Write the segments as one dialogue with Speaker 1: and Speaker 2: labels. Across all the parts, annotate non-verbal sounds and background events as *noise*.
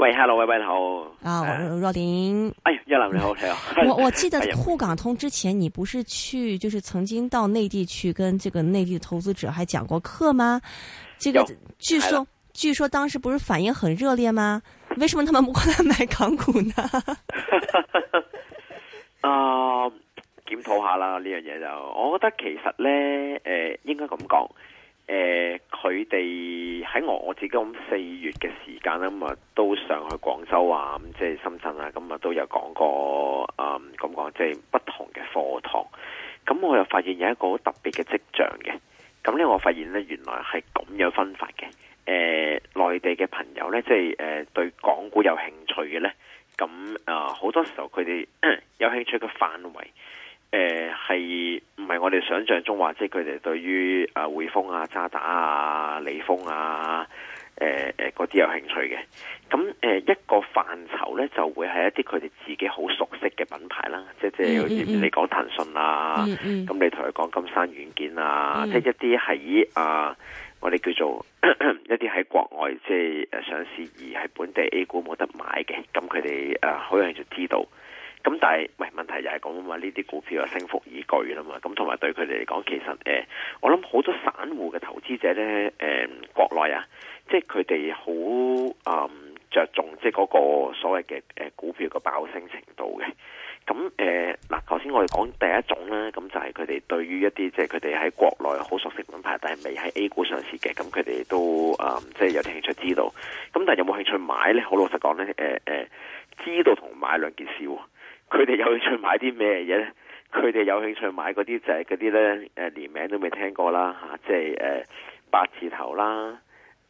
Speaker 1: 喂，hello，喂、啊哎，你好。啊， *laughs* 若琳。哎，葉南你好。我我記得滬
Speaker 2: 港通之前，你不是去，就是曾經到內地去跟這個內地投資者還講過課嗎？這個有據說，的據說當時不是反應很熱烈嗎？為什麼他們不過來買港股呢？
Speaker 1: *laughs* *laughs* 啊，檢討下啦，呢樣嘢就，我覺得其實咧，誒、呃，應該咁講。咁四月嘅時間啦，咁、嗯、啊都上去廣州啊，咁、嗯、即係深圳啊，咁、嗯、啊都有講過啊咁、嗯、講，即係不同嘅課堂。咁、嗯、我又發現有一個好特別嘅跡象嘅。咁、嗯、咧，我發現咧，原來係咁樣分法嘅。誒、呃，內地嘅朋友咧，即係誒、呃、對港股有興趣嘅咧，咁啊好多時候佢哋有興趣嘅範圍，誒係唔係我哋想象中話，即係佢哋對於啊匯豐啊渣打啊、利豐啊。誒誒，嗰啲、呃、有興趣嘅，咁、嗯、誒、呃、一個範疇咧，就會、是、係一啲佢哋自己好熟悉嘅品牌啦，即即係 *music* 好似你講騰訊啊，咁 *music* 你同佢講金山軟件啊， *music* 即一啲喺啊，我哋叫做 *coughs* 一啲喺國外即上市而喺本地 A 股冇得買嘅，咁佢哋誒好有興趣知道。咁但係喂，問題又係咁啊嘛，呢啲股票有升幅依據啦嘛，咁同埋對佢哋嚟講，其實誒、呃，我諗好多散戶嘅投資者咧，誒、呃、國內啊。即係佢哋好誒着重，即係嗰個所謂嘅誒、呃、股票嘅爆升程度嘅。咁誒嗱、頭、呃、先我哋講第一種啦,咁就係佢哋對於一啲即係佢哋喺國內好熟悉品牌，但係未喺 A 股上市嘅，咁佢哋都誒、呃、即係有興趣知道。咁但係有冇興趣買咧？好老實講咧，誒、呃、誒、呃，知道同買兩件事。佢哋有興趣買啲咩嘢咧？佢哋有興趣買嗰啲就係嗰啲咧，誒連名都未聽過啦吓、啊，即係誒、呃、八字頭啦。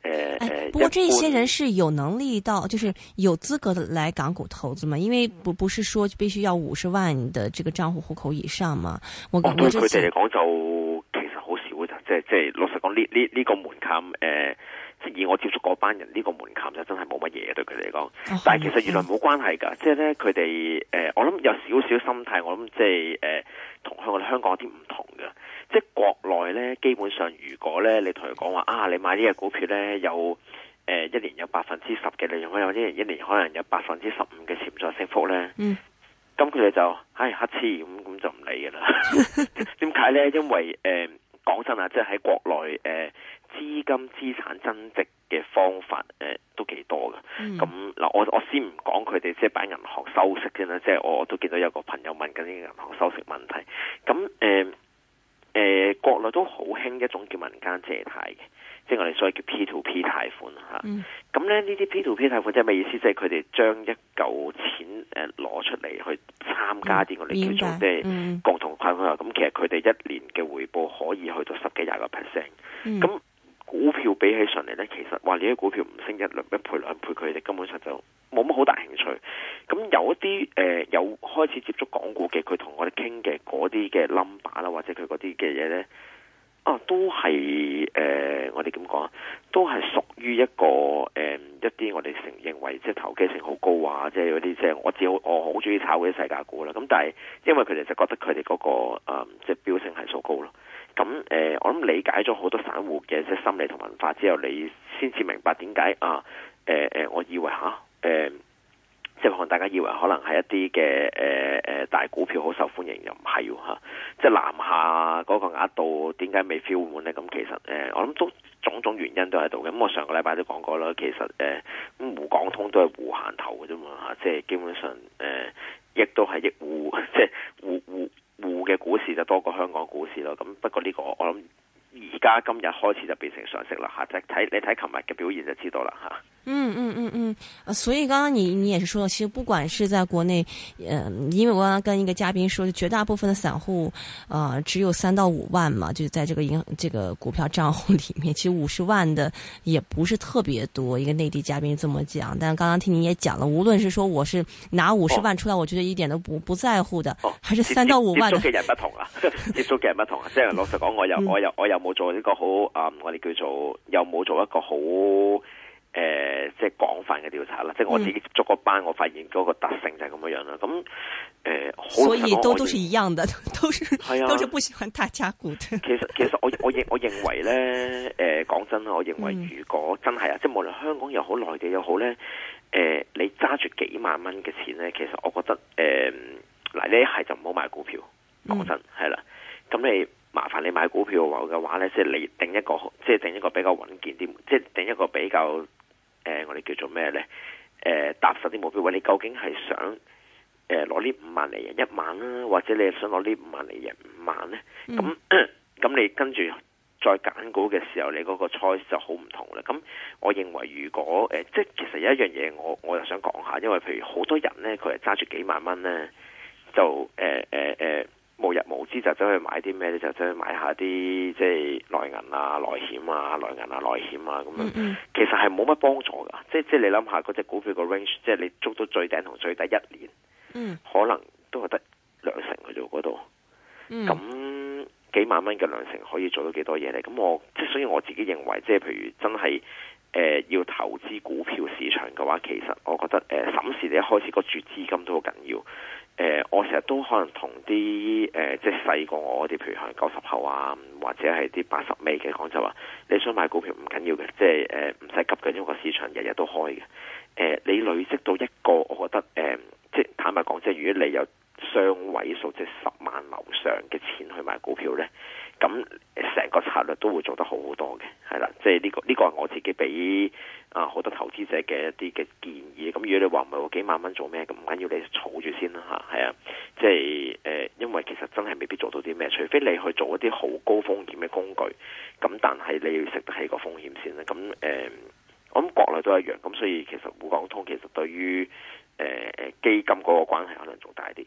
Speaker 1: 誒誒，不過這些
Speaker 2: 人是有能力到，就是有資格的來港股投資嘛？因為不，不是說必須要五十萬的這個賬戶戶口以上嘛？我覺我、哦、對佢哋嚟
Speaker 1: 講就其實好少噶咋，即係即係老實講呢呢呢個門檻誒，即、呃、以我接觸嗰班人呢、這個門檻就真係冇乜嘢對佢哋嚟講。哦、但係其實原來冇關係噶，嗯、即係咧佢哋誒，我諗有少少心態，我諗即係誒。呃同香港啲香港有啲唔同嘅，即係國內咧，基本上如果咧你同佢講話啊，你買呢個股票咧有誒、呃、一年有百分之十嘅利潤，或者有啲一,一年可能有百分之十五嘅潛在升幅咧，咁佢哋就唉、哎、黑黐咁咁就唔理㗎啦。點解咧？因為誒講、呃、真啊，即係喺國內誒資金資產增值。嘅方法誒、呃、都幾多嘅，咁嗱、嗯、我我先唔講佢哋即係擺銀行收息先啦，即係我都見到有個朋友問緊啲銀行收息問題，咁誒誒國內都好興一種叫民間借貸嘅，即係我哋所謂叫 P to P 貸款嚇，咁咧呢啲 P to P 貸款即係咩意思？即係佢哋將一嚿錢誒攞出嚟去參加啲我哋叫做即係共同貸款，咁、嗯、其實佢哋一年嘅回報可以去到十幾廿個 percent，咁。嗯嗯股票比起上嚟咧，其實話你啲股票唔升一兩一倍兩倍，佢哋根本上就冇乜好大興趣。
Speaker 2: 咁有
Speaker 1: 一啲誒、呃，有開始接觸港股嘅，佢同我哋傾嘅嗰啲嘅 number 啦，或者佢嗰啲嘅嘢咧，啊，都係誒、呃，我哋點講，都係屬於一個誒、呃，一啲我哋承認為即係投機性好高啊，即係有啲即係我只我好中意炒嗰啲世界股啦、啊。咁但係因為佢哋就覺得佢哋嗰個誒、呃、即係標性係數高咯、啊。咁誒、呃、我。理解咗好多散戶嘅即係心理同文化之後，你先至明白點解啊？誒、呃、誒，我以為吓，誒、啊，即係可能大家以為可能係一啲嘅誒誒大股票好受歡迎，又唔係喎吓。即係南下嗰個額度點解未 fill 滿咧？咁其實誒、呃，我諗都種種原因都喺度嘅。咁、嗯、我上個禮拜都講過啦，其實誒、呃，滬港通都係滬限頭嘅啫嘛吓，即係基本上誒、呃，亦都係亦滬，即係滬滬滬嘅股市就多過香港股市咯。咁、啊、不過呢、這個我諗。而家今日開始就變成常識啦嚇，睇睇你睇琴日嘅表現就知道啦嚇。嗯
Speaker 2: 嗯嗯嗯，所以剛剛你你也是說了，其實不管是在國內，嗯，因為我剛剛跟一個嘉賓說，絕大部分的散戶，呃，只有三到五萬嘛，就是在這個銀這個股票賬戶裏面，其實五十萬的也不是特別多。一個內地嘉賓這麼講，但剛剛聽你也講了，無論是說我是拿五十萬出來，哦，我覺得一點都不不在乎的，哦、還是三到五萬的。接觸嘅人
Speaker 1: 不同啊。 *laughs* *laughs* 你都給人不同啊，老實講，我又、嗯、我又我又冇做一個好啊、嗯，我哋叫做又冇做一個好。誒、呃，即係廣泛嘅調查啦，即係我自己接觸個班，嗯、我發現嗰個特性就係咁樣樣啦。咁誒、嗯，呃、所以都都係
Speaker 2: 一樣嘅，都係啊，都係不喜歡大加股
Speaker 1: 嘅。其實其實我我認我認為咧，誒、呃、講真我認為如果真係啊，嗯、即係無論香港又好，內地又好咧，誒、呃、你揸住幾萬蚊嘅錢咧，其實我覺得誒嗱，呢、呃、一係就唔好買股票，講真係啦。咁、嗯、你麻煩你買股票嘅話咧，即、就、係、是、你定一個，即、就、係、是、定一個比較穩健啲，即、就、係、是、定一個比較。誒，我哋叫做咩咧？誒，達成啲目標。位，你究竟係想誒攞呢五萬嚟人一萬啦，或者你係想攞呢五萬嚟人五萬咧？咁咁，你跟住再揀股嘅時候，你嗰個 choice 就好唔同啦。咁我認為，如果誒，即係其實有一樣嘢，我我又想講下，因為譬如好多人咧，佢係揸住幾萬蚊咧。就走去買啲咩咧？就走去買一下啲即係內銀啊、內險啊、內銀啊、內險啊咁樣。Mm hmm. 其實係冇乜幫助噶。即係即係你諗下嗰隻股票個 range，即係你捉到最頂同最低一年，mm hmm. 可能都係得兩成咋喎嗰度。咁、mm hmm. 幾萬蚊嘅兩成可以做到幾多嘢咧？咁我即係所以我自己認為，即係譬如真係誒、呃、要投資股票市場嘅話，其實我覺得誒審、呃、視你一開始嗰注資金都好緊要。誒、呃，我成日都可能同啲誒，即係細過我啲，譬如可能九十後啊，或者係啲八十尾嘅講就話，你想買股票唔緊要嘅，即係誒唔使急嘅，因為個市場日日都開嘅。誒、呃，你累積到一個，我覺得誒、呃，即係坦白講，即係如果你有雙位數即係十萬樓上嘅錢去買股票咧。咁成個策略都會做得好好多嘅，係啦，即係呢個呢、這個係我自己俾啊好多投資者嘅一啲嘅建議。咁、啊、如果你話唔係攞幾萬蚊做咩咁，唔緊要你儲住先啦嚇，係啊，即係誒，因為其實真係未必做到啲咩，除非你去做一啲好高風險嘅工具。咁、啊、但係你要食得起個風險先啦。咁、啊、誒，我諗國內都一樣。咁所以其實滬港通其實對於誒誒基金嗰個關係可能仲大啲。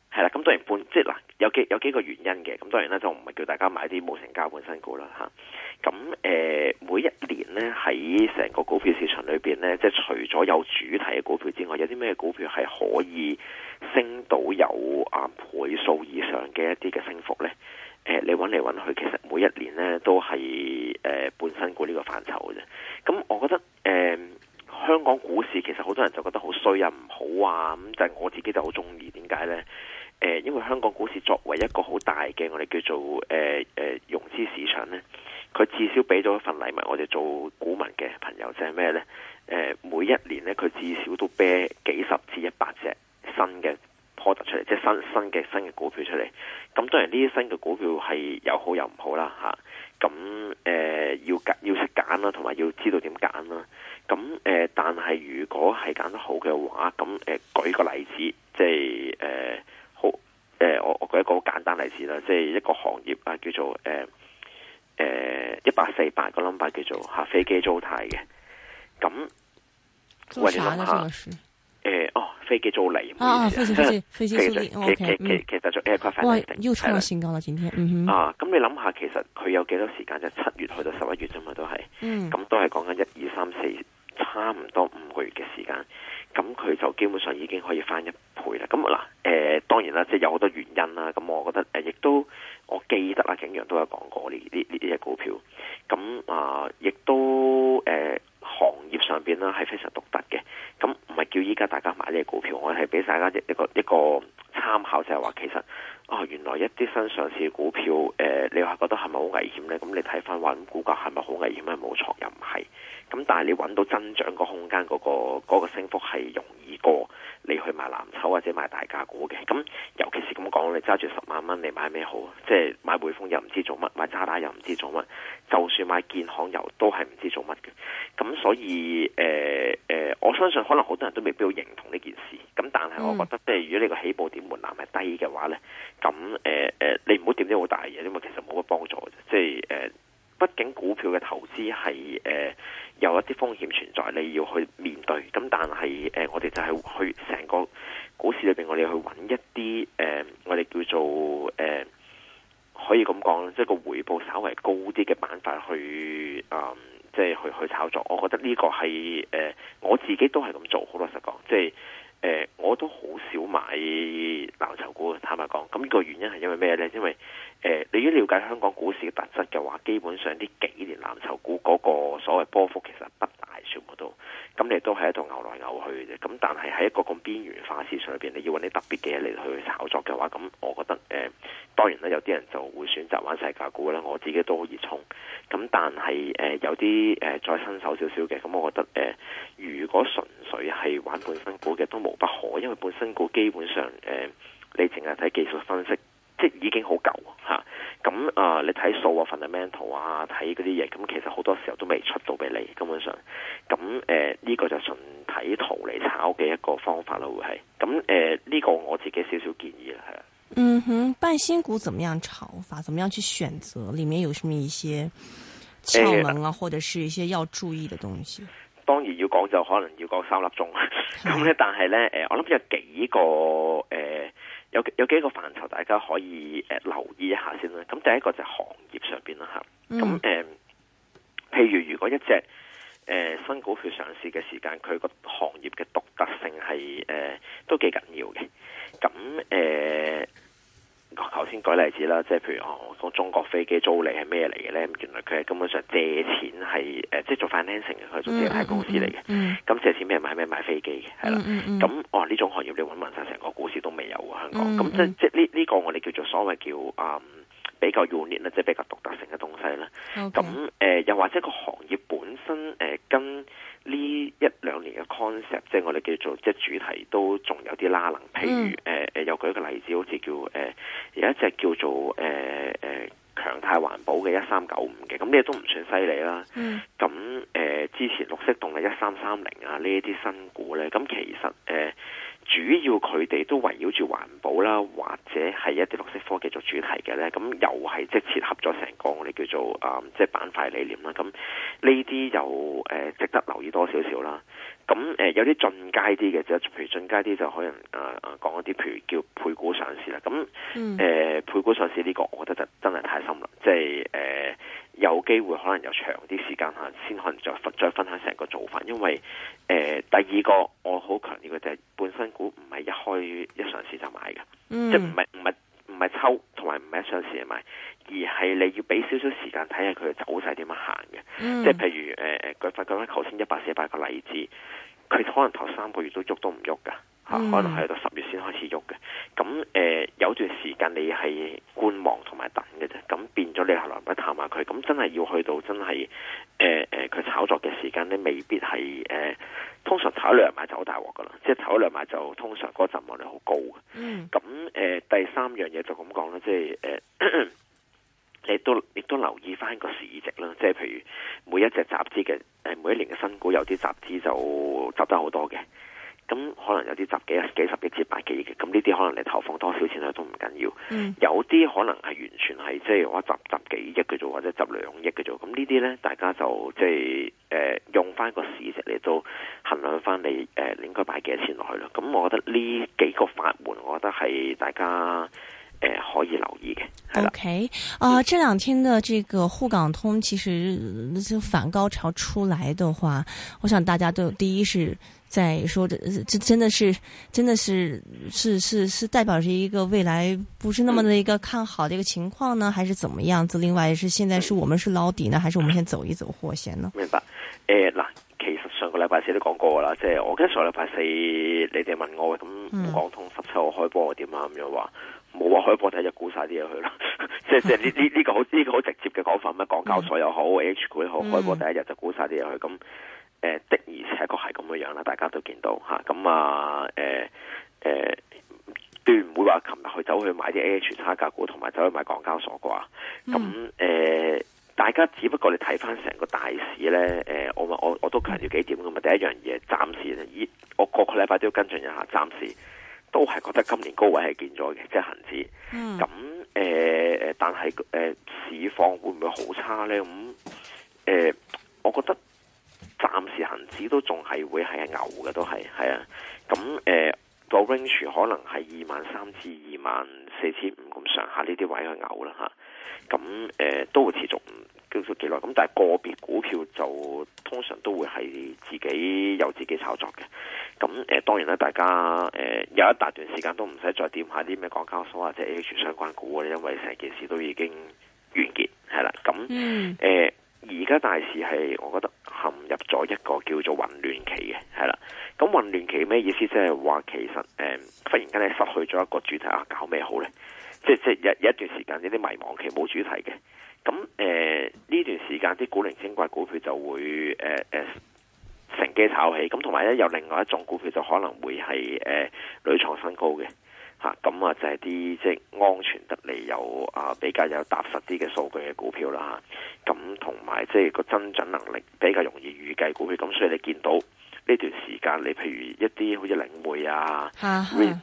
Speaker 1: 係啦，咁當然半即係嗱，有幾有幾個原因嘅。咁當然咧，就唔係叫大家買啲冇成交半新股啦吓。咁、啊、誒，每一年咧喺成個股票市場裏邊咧，即係除咗有主題嘅股票之外，有啲咩股票係可以升到有啊倍數以上嘅一啲嘅升幅咧？誒、啊，你揾嚟揾去，其實每一年咧都係誒半新股呢個範疇啫。咁我覺得誒、啊，香港股市其實好多人就覺得好衰啊，唔好啊，咁但係我自己就好中意。點解咧？誒，因為香港股市作為一個好大嘅，我哋叫做誒誒、呃呃、融資市場咧，佢至少俾咗一份禮物我哋做股民嘅朋友就，就係咩咧？誒，每一年咧，佢至少都啤幾十至一百隻新嘅 product 出嚟，即係新新嘅新嘅股票出嚟。咁當然呢啲新嘅股票係有好有唔好啦，吓、啊。咁、啊、誒要揀要識揀啦，同埋要知道點揀啦。咁誒、呃，但係如果係揀得好嘅話，咁誒、呃、舉個例子。即係一個行業啊，叫做誒誒一百四百個 number 叫做吓飛機租貸嘅，咁，
Speaker 2: 喂你諗下，誒，哦，飛機租嚟啊，
Speaker 1: 飛機飛機飛機租賃，O，K，嗯，哇，又創咗新
Speaker 2: 高啦，今天，嗯嗯，
Speaker 1: 啊，咁你諗下，其實佢有幾多時間？就七月去到十一月啫嘛，都係，咁都係講緊一二三四，差唔多五個月嘅時間。咁佢就基本上已經可以翻一倍啦。咁嗱，誒、呃、當然啦，即係有好多原因啦。咁我覺得誒，亦、呃、都我記得啦，景陽都有講過呢呢呢隻股票。咁啊，亦、呃、都誒。呃行業上邊啦係非常獨特嘅，咁唔係叫依家大家買呢個股票，我係俾大家一個一個參考，就係話其實哦，原來一啲新上市嘅股票，誒、呃，你話覺得係咪好危險呢？咁你睇翻話，咁股價係咪好危險咧？冇錯，又唔係。咁但係你揾到增長個空間，嗰個嗰個升幅係容易過。你去買藍籌或者買大價股嘅，咁尤其是咁講，你揸住十萬蚊你買咩好？即係買匯豐又唔知做乜，買渣打又唔知做乜，就算買建行又都係唔知做乜嘅。咁所以誒誒、呃呃，我相信可能好多人都未必要認同呢件事。咁但係我覺得，即係、嗯、如果你個起步點門檻係低嘅話咧。邊緣化市場裏邊，要你要揾啲特別嘅嘢嚟去炒作嘅話，咁我覺得，誒、呃，當然啦，有啲人就會選擇玩世界股啦。我自己都好熱衷，咁但係，誒、呃，有啲誒、呃、再新手少少嘅，咁我覺得，誒、呃，如果純粹係玩本身股嘅，都無不可，因為本身股基本上，誒、呃，你淨係睇技術分析。即已經好舊吓，咁啊，啊，你睇數啊，fundamental 啊，睇嗰啲嘢，咁其實好多時候都未出到俾你，根本上，咁誒呢個就純睇圖嚟炒嘅一個方法咯，會係，咁誒呢個我自己少少建議啦，係
Speaker 2: 嗯哼，半新股怎麼樣炒法？怎麼樣去選擇？裏面有什麼一些竅門啊？呃、或者是一些要注意嘅東西？
Speaker 1: 當然要講就可能要講三粒鐘，咁咧的， *laughs* 但係咧，誒、呃，我諗有幾個。有有幾個範疇，大家可以誒、呃、留意一下先啦。咁第一個就係行業上邊啦嚇。咁、啊、誒、嗯呃，譬如如果一隻誒新股票上市嘅時間，佢個行業嘅獨特性係誒、呃、都幾緊要嘅。咁誒。呃頭先舉例子啦，即係譬如我講中國飛機租賃係咩嚟嘅咧？原來佢係根本上借錢係誒，即係做 financing 嘅佢做借貸公司嚟嘅。咁、mm hmm. 借錢咩買咩買飛機嘅，係啦、mm。咁、hmm. 哦呢種行業你揾埋晒，成個股市都未有喎香港。咁、mm hmm. 即即呢呢、這個我哋叫做所謂叫啊比較 u 年 unique，咧，即係比較獨特性嘅東西啦。咁誒 Okay.、呃、又或者個行業本身誒、呃、跟呢一兩年嘅 concept，即係我哋叫做即係主題都仲有啲拉能。譬如誒誒，又、呃、舉一個例子，好似叫誒。呃有一隻叫做誒誒、呃呃、強泰環保嘅一三九五嘅，咁呢都唔算犀利啦。咁誒、嗯呃、之前綠色動力一三三零啊呢一啲新股呢，咁其實誒、呃、主要佢哋都圍繞住環保啦，或者係一啲綠色科技做主題嘅呢。咁又係即係切合咗成個我哋叫做啊、呃、即係板塊理念啦。咁呢啲又誒、呃、值得留意多少少啦。咁誒、呃、有啲進階啲嘅就譬如進階啲就可能啊啊講一啲譬如叫配股上市啦，咁誒、嗯呃、配股上市呢、這個，我覺得就真係太深啦。即係誒、呃、有機會可能有長啲時間嚇，先可能再再分享成個做法。因為誒、呃、第二個我好強調嘅就係、是，本身股唔係一開一上市就買嘅，嗯、即係唔係唔係唔係抽同埋唔係一上市就買，而係你要俾少少時間睇下佢嘅走勢點樣行嘅。嗯、即係譬如誒誒，佢發覺咧頭先一百四百個例子，佢可能頭三個月都喐都唔喐噶嚇，嗯、可能係到十月先開始喐。咁誒、呃，有段時間你係觀望同埋等嘅啫，咁變咗你後來唔探下佢，咁真係要去到真係誒誒，佢、呃呃、炒作嘅時間咧，你未必係誒、呃，通常炒一兩買就好大鑊噶啦，即係炒一兩買就通常嗰陣望率好高嘅。咁誒、嗯呃，第三樣嘢就咁講啦，即係誒，你、呃、都亦都留意翻個市值啦，即係譬如每一隻集資嘅誒，每一年嘅新股有啲集資就集得好多嘅。咁、嗯、可能有啲集幾幾十億至百幾億嘅，咁呢啲可能你投放多少錢落去都唔緊要，要。嗯、有啲可能係完全係即係我集集幾億嘅啫，或者集兩億嘅啫。咁呢啲咧，大家就即係誒、呃、用翻個市值嚟，都衡量翻你誒、呃、應該擺幾多錢落去咯。咁我覺得呢幾個法門，我覺得係大家誒、呃、可以留意嘅。
Speaker 2: OK，啊、呃，這兩天嘅這個滬港通其實、呃、反高潮出來的話，我想大家都第一是。再說這這真的是真的是是是是代表着一個未來不是那麼的一個看好的一個情況呢，還是怎麼樣子？另外是現在是我們是撈底呢，還是我們先走一走貨先呢？
Speaker 1: 明白誒嗱、呃，其實上個禮拜四都講過啦，即係我記得上個禮拜四你哋問我咁港通十七號開波點啊咁樣話，冇話開波第一日沽晒啲嘢去啦， *laughs* 即係即係呢呢呢個好呢、呢個好直接嘅講法，咩港交所又好，H 股又好，開波第一日就沽晒啲嘢去咁誒樣的確係咁嘅樣啦，大家都見到吓，咁啊，誒、啊、誒，斷、啊、唔會話琴日去走去買啲 AH 差價股，同埋走去買港交所啩。咁誒、嗯啊，大家只不過你睇翻成個大市咧，誒、啊，我我我都強調幾點，咁啊，第一樣嘢，暫時我個個禮拜都要跟進一下，暫時都係覺得今年高位係見咗嘅，即係恒指。咁誒誒，但係誒、啊、市況會唔會好差咧？咁、啊、誒，我覺得。暫時恒指都仲係會係牛嘅，都係係啊。咁誒個 range 可能係二萬三至二萬四千五咁上下呢啲位去牛啦吓。咁、啊、誒、呃、都會持續叫做幾耐。咁但係個別股票就通常都會係自己有自己炒作嘅。咁誒、呃、當然啦，大家誒、呃、有一大段時間都唔使再點下啲咩港交所或者 A H 相關股啊，因為成件事都已經完結係啦。咁誒而家大市係我覺得。入咗一個叫做混亂期嘅，係啦，咁、嗯、混亂期咩意思？即係話其實誒、呃，忽然間咧失去咗一個主題啊，搞咩好呢？即即有有一段時間呢啲迷茫期冇主題嘅，咁誒呢段時間啲古靈精怪股票就會誒誒、呃呃、乘機炒起，咁同埋咧有另外一種股票就可能會係誒屢創新高嘅。吓咁啊，就係啲即係安全得嚟，有啊，比較有踏實啲嘅數據嘅股票啦。咁同埋即係個增長能力比較容易預計股票。咁、啊、所以你見到呢段時間，你譬如一啲好似領匯啊、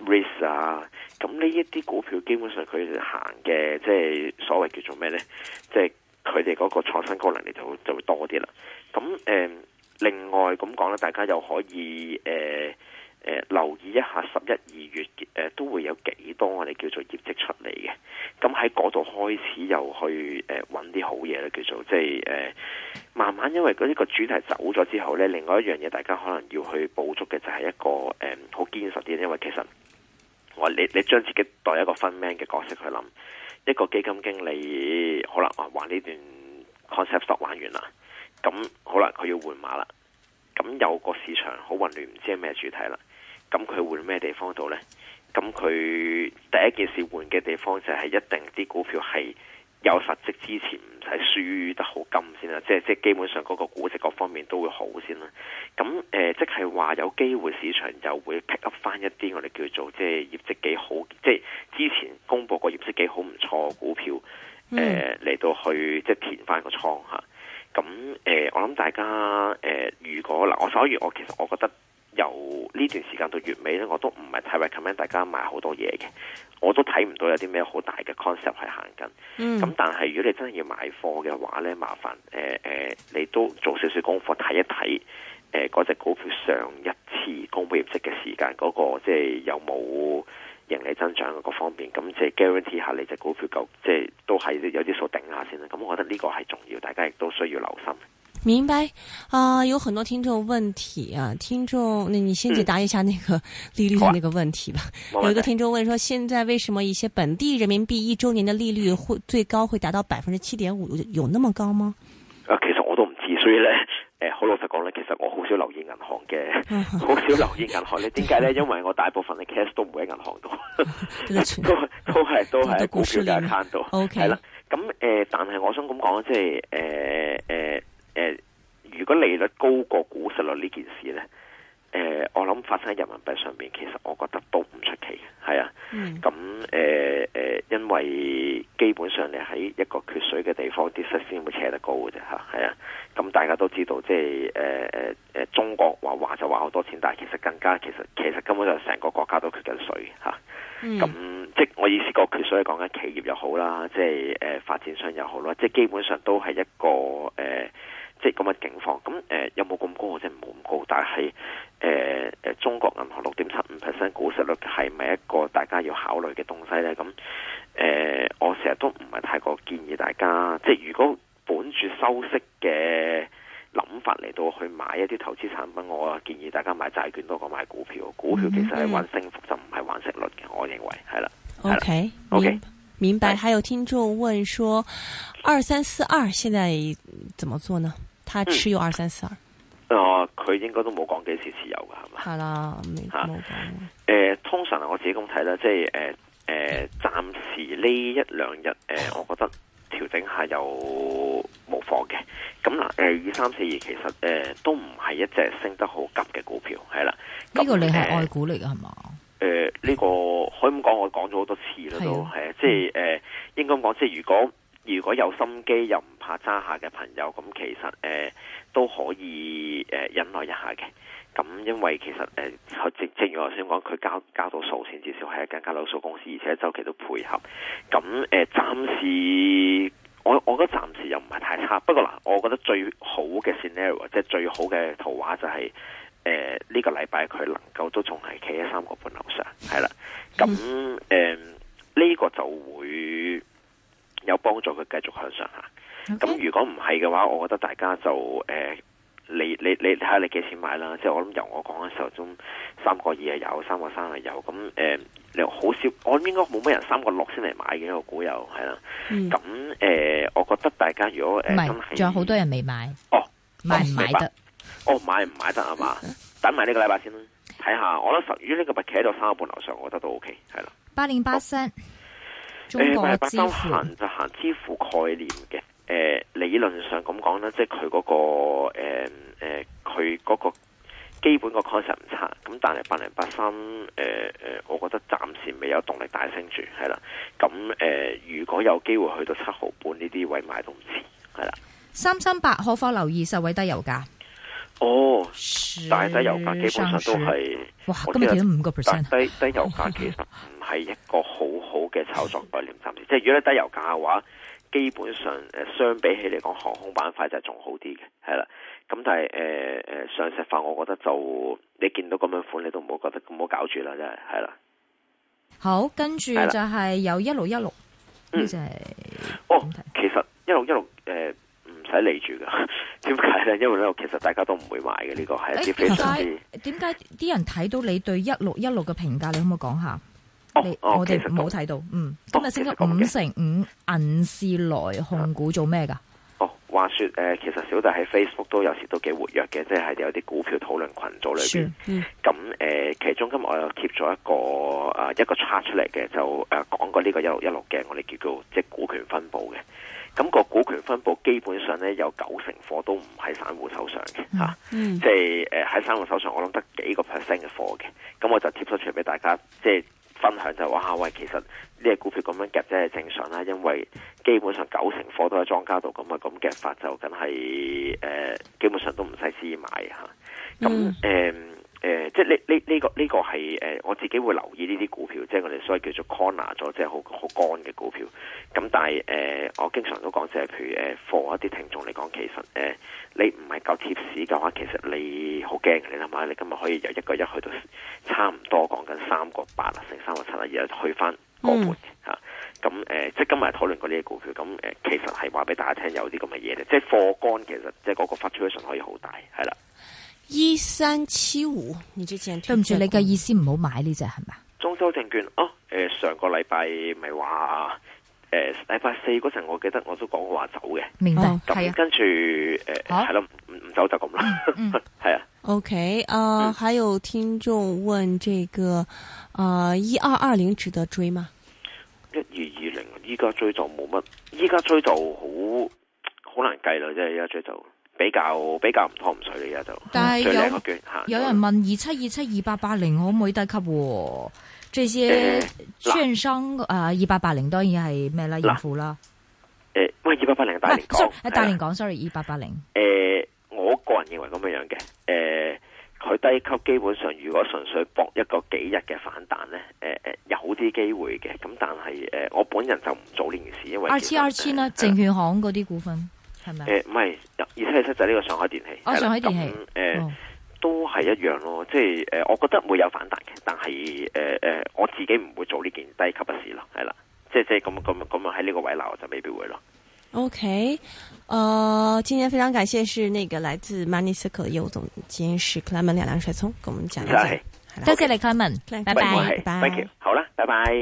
Speaker 1: REITs 啊，咁呢一啲股票基本上佢哋行嘅即係所謂叫做咩呢？即係佢哋嗰個創新高能力就就會多啲啦。咁誒、呃，另外咁講咧，大家又可以誒。呃誒、呃，留意一下十一二月誒、呃，都會有幾多我哋、啊、叫做業績出嚟嘅，咁喺嗰度開始又去誒揾啲好嘢咧，叫做即係誒、啊，慢慢因為呢個主題走咗之後咧，另外一樣嘢大家可能要去補足嘅就係一個誒好、啊、堅實啲，因為其實我、啊、你你將自己代一個 fund man 嘅角色去諗，一個基金經理好啦，我玩呢段 concept 玩完啦，咁、啊、好啦，佢要換馬啦，咁有個市場好混亂，唔知係咩主題啦。咁佢換咩地方度呢？咁佢第一件事換嘅地方就係一定啲股票係有實質，之前唔使輸得好金先啦。即係即係基本上嗰個估值各方面都會好先啦。咁誒、呃，即係話有機會市場就會 pick up 翻，一啲我哋叫做即係業績幾好，即係之前公布過業績幾好唔錯股票誒嚟、呃 mm. 到去即係填翻個倉吓。咁誒、呃，我諗大家誒、呃，如果嗱，我所以我其實我覺得。由呢段時間到月尾咧，我都唔係太 recommend 大家買好多嘢嘅，我都睇唔到有啲咩好大嘅 concept 係行緊。咁、嗯、但係如果你真係要買貨嘅話咧，麻煩誒誒、呃呃，你都做少少功課睇一睇，誒嗰隻股票上一次公布業績嘅時間嗰、那個即係有冇盈利增長嘅嗰方面，咁即係 guarantee 下你隻股票夠，即、就、係、是、都係有啲數頂下先啦。咁我覺得呢個係重要，大家亦都需要留心。
Speaker 2: 明白，啊，有很多聽眾問題啊，聽眾，那你先解答一下那個利率的那個問題吧。嗯啊、題有一個聽眾問說，現在為什麼一些本地人民幣一周年的利率會最高會達到百分之七點五？有那麼高嗎？
Speaker 1: 啊，其實我都唔知，所以呢，誒、呃，好老實講呢，其實我好少留意銀行嘅，好 *laughs* 少留意銀行咧，點解呢？ *laughs* 因為我大部分嘅 c a s e 都唔喺銀行度， *laughs* *laughs* 都 *laughs* 都係都係股票 a c c o O K，係啦，咁誒，但係我想咁講，即係誒誒。呃呃呃個利率高過股息率呢件事呢，誒、呃，我諗發生喺人民幣上邊，其實我覺得都唔出奇嘅，係啊。咁誒誒，因為基本上你喺一個缺水嘅地方，跌息先會扯得高嘅啫吓，係啊。咁、嗯嗯、大家都知道，即係誒誒中國話話就話好多錢，但係其實更加，其實其實根本就成個國家都缺緊水吓。咁、嗯嗯、即係我意思，個缺水係講緊，企業又好啦，即係誒、呃、發展商又好啦，即係基本上都係一個誒。呃呃即係咁嘅境況，咁誒、呃、有冇咁高？即係冇咁高，但係誒誒，中國銀行六點七五 percent 股息率係咪一個大家要考慮嘅東西咧？咁、嗯、誒、呃，我成日都唔係太過建議大家，即係如果本住收息嘅諗法嚟到去買一啲投資產品，我建議大家買債券多過買股票。股票其實係玩升幅，就唔係玩息率嘅。我認為係啦
Speaker 2: ，OK OK，明白。明白還有聽眾問說，二三四二現在怎麼做呢？他持
Speaker 1: 有二三四二哦，佢應該都冇講幾時持有噶係嘛？係啦，吓誒、啊，通常係我自己咁睇啦，即係誒誒，暫、呃、時呢一兩日誒、呃，我覺得調整下又無妨嘅。咁嗱，誒二三四二其實誒、呃、都唔係一隻升得好急嘅股票，係啦。
Speaker 2: 呢個你係愛股嚟噶係嘛？誒，呢、嗯
Speaker 1: 呃這個可以咁講，我講咗好多次啦都係啊，即係誒，應該講，即係如果。如果有心機又唔怕揸下嘅朋友，咁其實誒、呃、都可以誒、呃、忍耐一下嘅。咁因為其實誒正、呃、正如我先講，佢交交到數先，至少係一間交到數公司，而且周期都配合。咁誒、呃、暫時我我覺得暫時又唔係太差。不過嗱，我覺得最好嘅 scenario 即係最好嘅圖畫就係誒呢個禮拜佢能夠都仲係企喺三個半樓上，係啦。咁誒呢個就會，有幫助佢繼續向上下咁 Okay. 如果唔係嘅話，我覺得大家就誒、呃，你你你睇下你幾錢買啦，即係我諗由我講嘅時候，中三個二係有，三個三係有，咁誒，你、呃、好少，我應該冇乜人三個六先嚟買嘅呢、這個股又係啦，咁誒、嗯呃，我覺得大家如果誒，仲、呃、是是有
Speaker 2: 好多人未買，
Speaker 1: 哦，買唔買得？哦，買唔買得啊嘛？等埋呢個禮拜先啦，睇下，我諗十於呢個白企喺度三個半樓上，我覺得都 OK，係啦，
Speaker 2: 八零八三。
Speaker 1: 誒，八零八三行就行支付、呃、行行概念嘅，誒、呃，理論上咁講啦，即係佢嗰個，誒、呃，誒、呃，佢個基本個 concept 唔差，咁但係八零八三，誒，誒，我覺得暫時未有動力大升住，係啦，咁、嗯，誒、呃，如果有機會去到七毫半呢啲位買都唔遲，係啦，
Speaker 2: 三三八可否留意受惠低油價？
Speaker 1: 哦，但係低油價基本上都係，哇，今日跌咗五個 percent。低低，低油價其實唔係一個好好嘅炒作概念，暫時、oh, okay.。即係如果你低油價嘅話，基本上誒、呃，相比起嚟講，航空板塊就係仲好啲嘅，係啦。咁但係誒誒，上石化，我覺得就你見到咁樣款，你都唔好覺得咁好搞住啦，真係，係啦。
Speaker 2: 好，跟住就係有一六一六，呢隻、
Speaker 1: 嗯嗯、哦，其實一六一六誒。呃使離住噶？點解咧？因為咧，其實大家都唔會買嘅呢、這個係一啲非常之。點
Speaker 2: 解？點解啲人睇到你對一六一六嘅評價？你可唔可以講下？我我哋冇睇到。哦就是、嗯，今日升咗五成五，銀仕來控股做咩噶？嗯
Speaker 1: 話說誒、呃，其實小弟喺 Facebook 都有時都幾活躍嘅，即係有啲股票討論群組裏邊。咁誒、嗯呃，其中今日我又貼咗一個誒、呃、一個 chart 出嚟嘅，就誒講、呃、過呢個一六一六嘅，我哋叫做即係股權分布嘅。咁、那個股權分布基本上咧有九成貨都唔喺散戶手上嘅吓，啊嗯、即係誒喺散戶手上我諗得幾個 percent 嘅貨嘅。咁我就貼咗出嚟俾大家即係。分享就話喂，其實呢隻股票咁樣夾真係正常啦，因為基本上九成貨都喺莊家度，咁啊咁夾法就梗係誒，基本上都唔使試買嚇，咁、啊、誒。誒、呃，即係呢呢呢個呢、這個係誒、呃，我自己會留意呢啲股票，即係我哋所謂叫做 corner 咗，即係好好乾嘅股票。咁但係誒、呃，我經常都講，即係譬如誒，貨、呃、一啲聽眾嚟講，其實誒、呃，你唔係夠貼士嘅話，其實你好驚。你諗下，你今日可以由一個一去到差唔多講緊三個八啦，成三個七啦，而家去翻個盤吓。咁誒、嗯啊呃，即係今日討論過呢啲股票，咁誒，其實係話俾大家聽有啲咁嘅嘢咧。即係貨乾，其實即係嗰個 fashion 可以好大，係啦。
Speaker 2: 一三七五，75，你之前對唔住，你嘅意思唔好買呢隻係嘛？
Speaker 1: 中州證券哦，誒、呃，上個禮拜咪話，誒、呃，禮拜四嗰陣我記得我都講話走嘅，明白，咁跟住誒，係咯，唔唔走就咁啦，係
Speaker 2: 啊。OK，、呃、啊，還有聽眾問這個啊，一二二零值得追嗎？
Speaker 1: 一二二零，依家追就冇乜，依家追就好好難計啦，即係依家追就。比較比較唔妥唔水、啊，而家就但靚有，有
Speaker 2: 人問二七二七二八八零可唔可以低級、啊？即係券商誒，二八八零當然係咩啦？盈富啦。
Speaker 1: 誒、呃，咩二八八零？280, 大連港？啊、sorry, 大連
Speaker 2: 港、啊、？sorry，二八八零。
Speaker 1: 誒、呃，我個人認為咁樣樣嘅。誒、呃，佢低級基本上如果純粹搏一個幾日嘅反彈咧，誒、呃、誒，有啲機會嘅。咁但係誒、呃，我本人就唔做呢件事，因為，i c i
Speaker 2: c 啦，證券、啊、行啲股份。誒，
Speaker 1: 唔係，二七實質就呢個上海電器，哦、了上海電器？誒，呃哦、都係一樣咯、哦。即、就、係、是，誒、呃，我覺得會有反彈嘅，但係，誒、呃，誒、呃，我自己唔會做呢件低級嘅事咯，係啦，即係，即係咁，咁，咁喺呢個位鬧我就未必會咯。
Speaker 2: OK，誒、呃，今天非常感謝，是那個來自 Money Circle 嘅尤總監，今天是 c l a m e n 梁梁帥聰，跟我們講多謝，你 c l a m e n 拜拜，thank you，
Speaker 1: 拜好啦，拜拜。